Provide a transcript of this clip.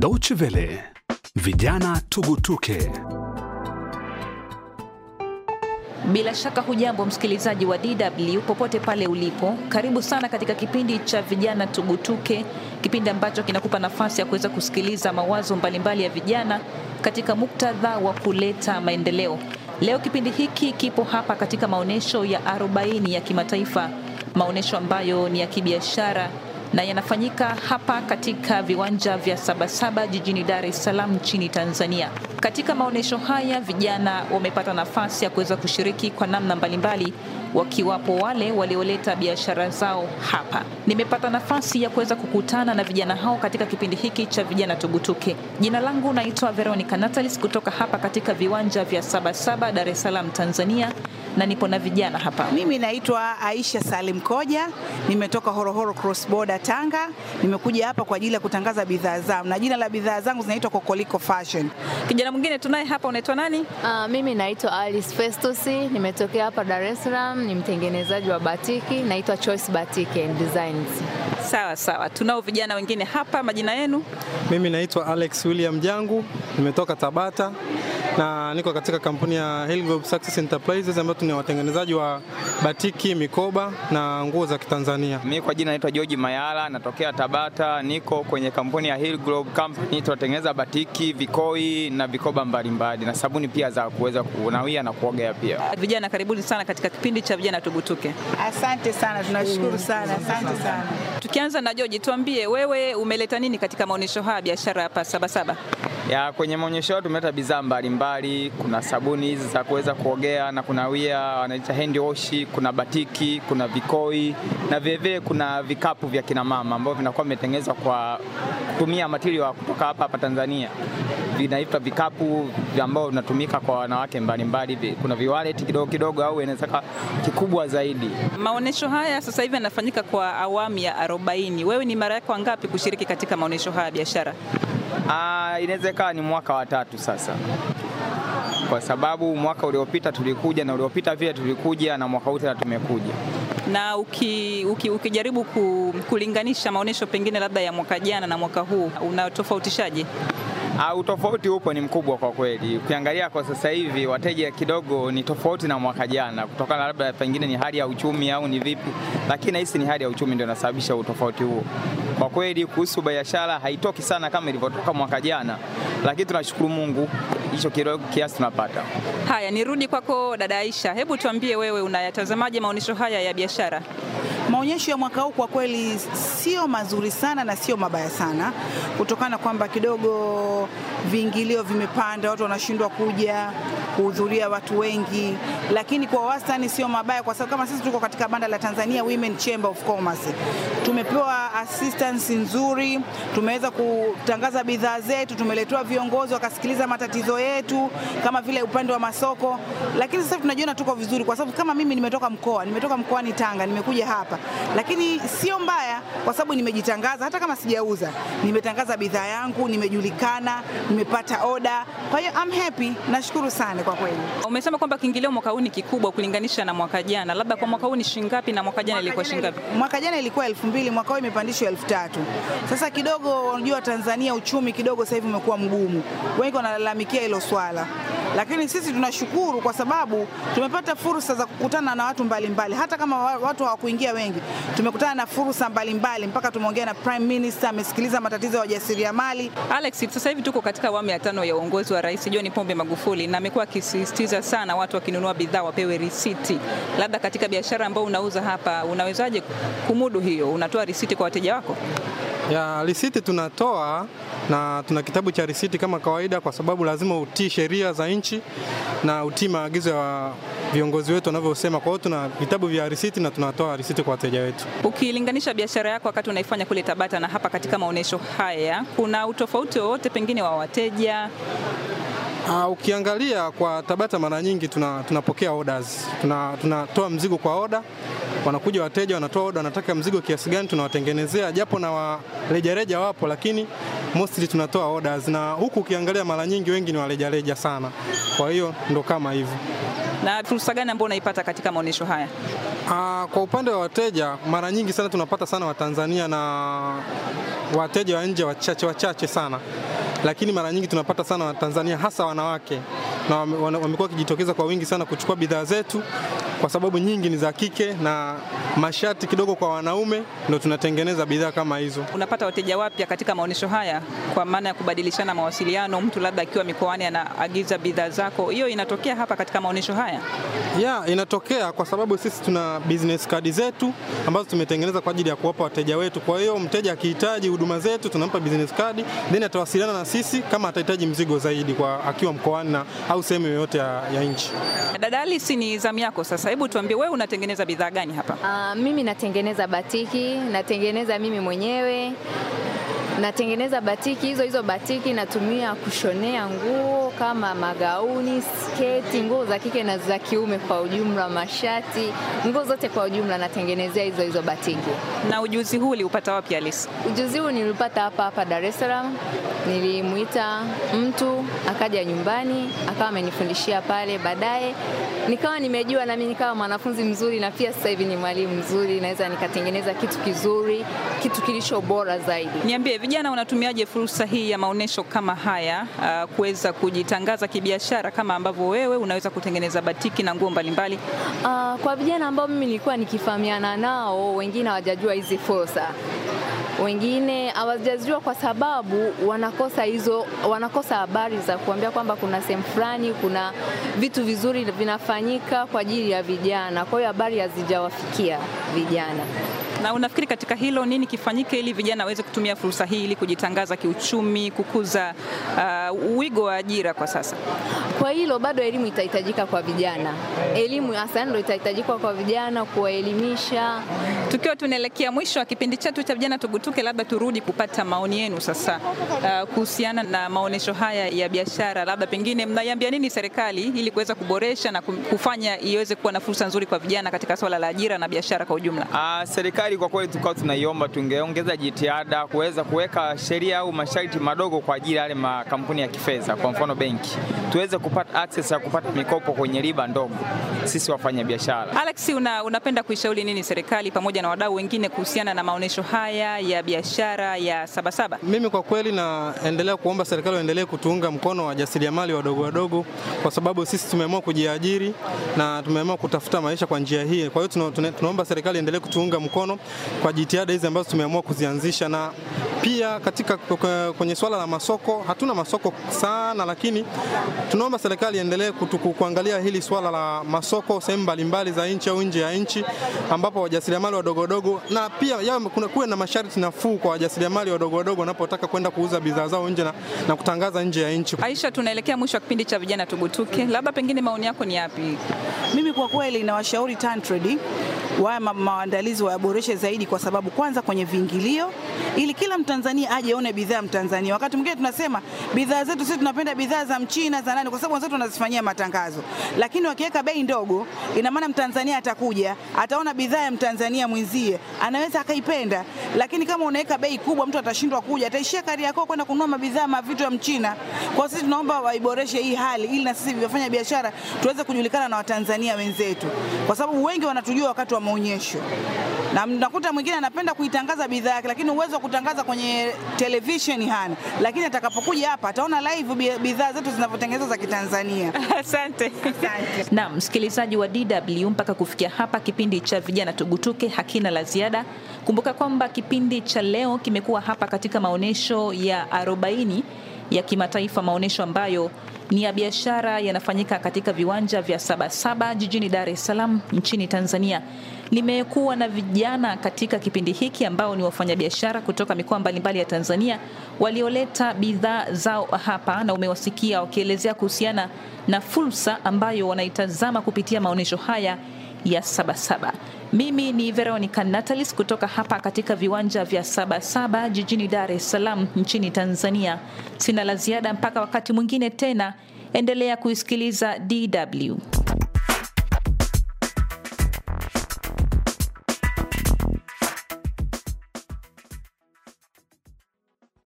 Deutsche Welle, vijana tugutuke. Bila shaka hujambo msikilizaji wa DW popote pale ulipo, karibu sana katika kipindi cha vijana tugutuke, kipindi ambacho kinakupa nafasi ya kuweza kusikiliza mawazo mbalimbali ya vijana katika muktadha wa kuleta maendeleo. Leo kipindi hiki kipo hapa katika maonyesho ya 40 ya kimataifa, maonyesho ambayo ni ya kibiashara na yanafanyika hapa katika viwanja vya Sabasaba jijini Dar es Salaam nchini Tanzania. Katika maonyesho haya vijana wamepata nafasi ya kuweza kushiriki kwa namna mbalimbali wakiwapo wale walioleta biashara zao hapa. Nimepata nafasi ya kuweza kukutana na vijana hao katika kipindi hiki cha vijana tubutuke Jina langu naitwa Veronica Natalis kutoka hapa katika viwanja vya Sabasaba, Dar es Salaam, Tanzania na nipo na vijana hapa. Mimi naitwa Aisha Salim Koja, nimetoka Horohoro Cross Border Tanga, nimekuja hapa kwa ajili ya kutangaza bidhaa zangu na jina la bidhaa zangu zinaitwa Kokoliko Fashion. Kijana mwingine tunaye hapa, unaitwa nani? Uh, mimi naitwa Alice Festus, nimetokea hapa Dar es Salaam, ni mtengenezaji wa batiki, naitwa Choice Batik and Designs. Sawa sawa, tunao vijana wengine hapa, majina yenu? Mimi naitwa Alex William Jangu, nimetoka Tabata na niko katika kampuni ya Hill Group Success Enterprises ambayo ni watengenezaji wa batiki, mikoba na nguo za Kitanzania. Mimi kwa jina naitwa George Mayala, natokea Tabata, niko kwenye kampuni ya Hill Company. Tunatengeneza batiki, vikoi na vikoba mbalimbali na sabuni pia za kuweza kunawia na kuogea pia. Vijana, karibuni sana katika kipindi cha vijana tugutuke. Asante sana, tunashukuru sana, asante sana. Tukianza na George, tuambie wewe umeleta nini katika maonyesho haya biashara hapa Sabasaba? ya kwenye maonyesho tumeleta bidhaa mbalimbali. Kuna sabuni hizi za kuweza kuogea na kunawia, wanaita hand wash, kuna batiki, kuna vikoi na vilevile kuna vikapu vya kinamama ambavyo vinakuwa vimetengenezwa kwa kutumia material kutoka hapa hapa Tanzania vinaitwa vikapu ambao vinatumika kwa wanawake mbalimbali. Kuna viwaleti kidogo kidogo, au inaweza kikubwa zaidi. Maonyesho haya sasa hivi yanafanyika kwa awamu ya 40. Wewe ni mara yako ngapi kushiriki katika maonyesho haya biashara? Ah, inaweza ikawa ni mwaka wa tatu sasa, kwa sababu mwaka uliopita tulikuja na uliopita vile tulikuja na mwaka huu tena tumekuja na uki, uki, ukijaribu kulinganisha maonyesho pengine labda ya mwaka jana na mwaka huu, unatofautishaje? Ah, utofauti upo ni mkubwa kwa kweli. Ukiangalia kwa sasa hivi wateja kidogo ni tofauti na mwaka jana, kutokana labda pengine ni hali ya uchumi au ni vipi, lakini nahisi ni hali ya uchumi ndio inasababisha utofauti huo. Kwa kweli kuhusu biashara haitoki sana kama ilivyotoka mwaka jana, lakini tunashukuru Mungu hicho kidogo kiasi tunapata. Haya, nirudi kwako dada Aisha, hebu tuambie wewe unayatazamaje maonyesho haya ya biashara? Maonyesho ya mwaka huu kwa kweli sio mazuri sana na sio mabaya sana, kutokana kwamba kidogo viingilio vimepanda, watu wanashindwa kuja kuhudhuria, watu wengi, lakini kwa wastani sio mabaya, kwa sababu kama sisi tuko katika banda la Tanzania Women Chamber of Commerce, tumepewa assistance nzuri, tumeweza kutangaza bidhaa zetu, tumeletewa viongozi wakasikiliza matatizo yetu, kama vile upande wa masoko. Lakini sasa tunajiona tuko vizuri, kwa sababu kama mimi nimetoka mkoa, nimetoka mkoani Tanga, nimekuja hapa, lakini sio mbaya, kwa sababu nimejitangaza, hata kama sijauza, nimetangaza bidhaa yangu, nimejulikana, nime nimepata oda. Kwa hiyo I'm happy, nashukuru sana kwa kweli. Umesema kwamba kiingilio mwaka huu ni kikubwa kulinganisha na mwaka jana, labda kwa mwaka huu ni ngapi na mwaka jana ilikuwa ngapi? Mwaka jana ilikuwa elfu mbili, mwaka huu imepandishwa elfu tatu. Sasa kidogo, unajua Tanzania uchumi kidogo sasa hivi umekuwa mgumu, wengi wanalalamikia hilo swala lakini sisi tunashukuru kwa sababu tumepata fursa za kukutana na watu mbalimbali mbali. Hata kama watu hawakuingia wengi, tumekutana na fursa mbalimbali mpaka tumeongea na Prime Minister, amesikiliza matatizo ya wajasiriamali. Alex, sasa hivi tuko katika awamu ya tano ya uongozi wa Rais John Pombe Magufuli na amekuwa akisisitiza sana watu wakinunua bidhaa wapewe risiti. Labda katika biashara ambayo unauza hapa, unawezaje kumudu hiyo? Unatoa risiti kwa wateja wako? ya risiti tunatoa na tuna kitabu cha risiti kama kawaida, kwa sababu lazima utii sheria za nchi na utii maagizo ya viongozi wetu wanavyosema. Kwa hiyo tuna vitabu vya risiti na tunatoa risiti kwa wateja wetu. Ukilinganisha biashara yako wakati unaifanya kule Tabata na hapa katika maonyesho haya, kuna utofauti wowote pengine wa wateja Uh, ukiangalia kwa Tabata mara nyingi tuna, tunapokea orders. Tuna, tunatoa mzigo kwa oda, wanakuja wateja wanatoa oda, wanataka mzigo kiasi gani, tunawatengenezea japo na warejareja wapo, lakini mostly tunatoa orders, na huku ukiangalia mara nyingi wengi ni warejareja sana, kwa hiyo ndo kama hivyo. Na fursa gani ambayo unaipata katika maonyesho haya? Uh, kwa upande wa wateja mara nyingi sana tunapata sana Watanzania na wateja wa nje wachache wachache sana lakini mara nyingi tunapata sana Watanzania hasa wanawake na wamekuwa wakijitokeza kwa wingi sana kuchukua bidhaa zetu kwa sababu nyingi ni za kike na mashati kidogo kwa wanaume, ndo tunatengeneza bidhaa kama hizo. Unapata wateja wapya katika maonyesho haya, kwa maana ya kubadilishana mawasiliano, mtu labda akiwa mikoani anaagiza bidhaa zako, hiyo inatokea hapa katika maonyesho haya? Yeah, inatokea kwa sababu sisi tuna business card zetu ambazo tumetengeneza kwa ajili ya kuwapa wateja wetu. Kwa hiyo mteja akihitaji huduma zetu tunampa business card, then atawasiliana na sisi kama atahitaji mzigo zaidi kwa akiwa mkoani au sehemu yoyote ya, ya nchi. Dadalisi, ni zamu yako sasa Hebu tuambie wewe unatengeneza bidhaa gani hapa? Uh, mimi natengeneza batiki, natengeneza mimi mwenyewe natengeneza batiki hizo hizo batiki natumia kushonea nguo kama magauni, sketi, nguo za kike na za kiume kwa ujumla, mashati, nguo zote kwa ujumla natengenezea hizo hizo batiki. Na ujuzi huu uliupata wapi alisi Ujuzi huu nilipata hapa hapa Dar es Salaam. Nilimwita mtu akaja nyumbani akawa amenifundishia pale, baadaye nikawa nimejua nami nikawa mwanafunzi mzuri, na pia sasa hivi ni mwalimu mzuri, naweza nikatengeneza kitu kizuri, kitu kilicho bora zaidi. Niambie vijana unatumiaje fursa hii ya maonyesho kama haya uh, kuweza kujitangaza kibiashara kama ambavyo wewe unaweza kutengeneza batiki na nguo mbalimbali? Uh, kwa vijana ambao mimi nilikuwa nikifahamiana nao, wengine hawajajua hizi fursa wengine hawajajua kwa sababu wanakosa hizo, wanakosa habari za kuambia kwamba kuna sehemu fulani kuna vitu vizuri vinafanyika kwa ajili ya vijana. Kwa hiyo habari hazijawafikia vijana. Na unafikiri katika hilo nini kifanyike ili vijana waweze kutumia fursa hii ili kujitangaza kiuchumi, kukuza uh, wigo wa ajira kwa sasa? Kwa hilo bado elimu itahitajika kwa vijana, elimu hasa ndio itahitajika kwa vijana kuwaelimisha Tukiwa tunaelekea mwisho wa kipindi chetu cha Vijana Tugutuke, labda turudi kupata maoni yenu sasa uh, kuhusiana na maonyesho haya ya biashara, labda pengine mnaiambia nini serikali ili kuweza kuboresha na kufanya iweze kuwa na fursa nzuri kwa vijana katika swala la ajira na biashara kwa ujumla? Aa, ah, serikali kwa kweli tukawa tunaiomba tungeongeza jitihada kuweza kuweka sheria au masharti madogo kwa ajili ya yale makampuni ya kifedha, kwa mfano benki, tuweze kupata access ya kupata mikopo kwenye riba ndogo sisi wafanya biashara. Alex, una, unapenda kuishauri nini serikali pamoja pamoja na wadau wengine kuhusiana na maonyesho haya ya biashara ya Sabasaba? Mimi kwa kweli naendelea kuomba serikali waendelee kutuunga mkono wajasiriamali wadogo wadogo, kwa sababu sisi tumeamua kujiajiri na tumeamua kutafuta maisha kwa njia hii. Kwa hiyo tunaomba serikali endelee kutuunga mkono kwa jitihada hizi ambazo tumeamua kuzianzisha na pia katika kwenye swala la masoko, hatuna masoko sana, lakini tunaomba serikali iendelee kuangalia hili swala la masoko sehemu mbalimbali za nchi au nje ya nchi, ambapo wajasiriamali wadogo wadogo wadogo, na pia ya, kuna kuwe na masharti nafuu kwa wajasiriamali wadogo wadogo wanapotaka kwenda kuuza bidhaa zao nje na, na kutangaza nje ya nchi. Aisha, tunaelekea mwisho wa kipindi cha vijana tugutuke, labda pengine maoni yako ni yapi? Mimi kwa kweli nawashauri TanTrade wa maandalizi wayaboreshe zaidi, kwa sababu kwanza kwenye viingilio, ili kila Mtanzania aje aone bidhaa Mtanzania. Wakati mwingine tunasema bidhaa zetu sisi tunapenda bidhaa za Mchina za nani, kwa sababu wenzetu wanazifanyia matangazo, lakini wakiweka bei ndogo, ina maana Mtanzania atakuja ataona bidhaa ya Mtanzania mwenzie, anaweza akaipenda. Lakini kama unaweka bei kubwa, mtu atashindwa kuja, ataishia Kariakoo kwenda kununua mabidhaa mavitu ya Mchina. Kwa sisi tunaomba waiboreshe hii hali, ili na sisi wafanya biashara tuweze kujulikana na Watanzania wenzetu, kwa sababu wengi wanatujua wakati wa maonyesho, na mnakuta mwingine anapenda kuitangaza bidhaa yake, lakini uwezo wa kutangaza kwenye televisheni hana, lakini atakapokuja hapa ataona live bidhaa zetu zinavyotengenezwa za Kitanzania. Asante. Asante. msikilizaji wa DW, mpaka kufikia hapa kipindi cha vijana tugutuke hakina la ziada. Kumbuka kwamba kipindi cha leo kimekuwa hapa katika maonyesho ya 40 ya kimataifa, maonyesho ambayo ni ya biashara yanafanyika katika viwanja vya Sabasaba jijini Dar es Salaam nchini Tanzania limekuwa na vijana katika kipindi hiki ambao ni wafanyabiashara kutoka mikoa mbalimbali ya Tanzania walioleta bidhaa zao hapa, na umewasikia wakielezea kuhusiana na fursa ambayo wanaitazama kupitia maonyesho haya ya Sabasaba. Mimi ni Veronica Natalis kutoka hapa katika viwanja vya Sabasaba jijini Dar es Salaam nchini Tanzania. Sina la ziada mpaka wakati mwingine tena, endelea kuisikiliza DW.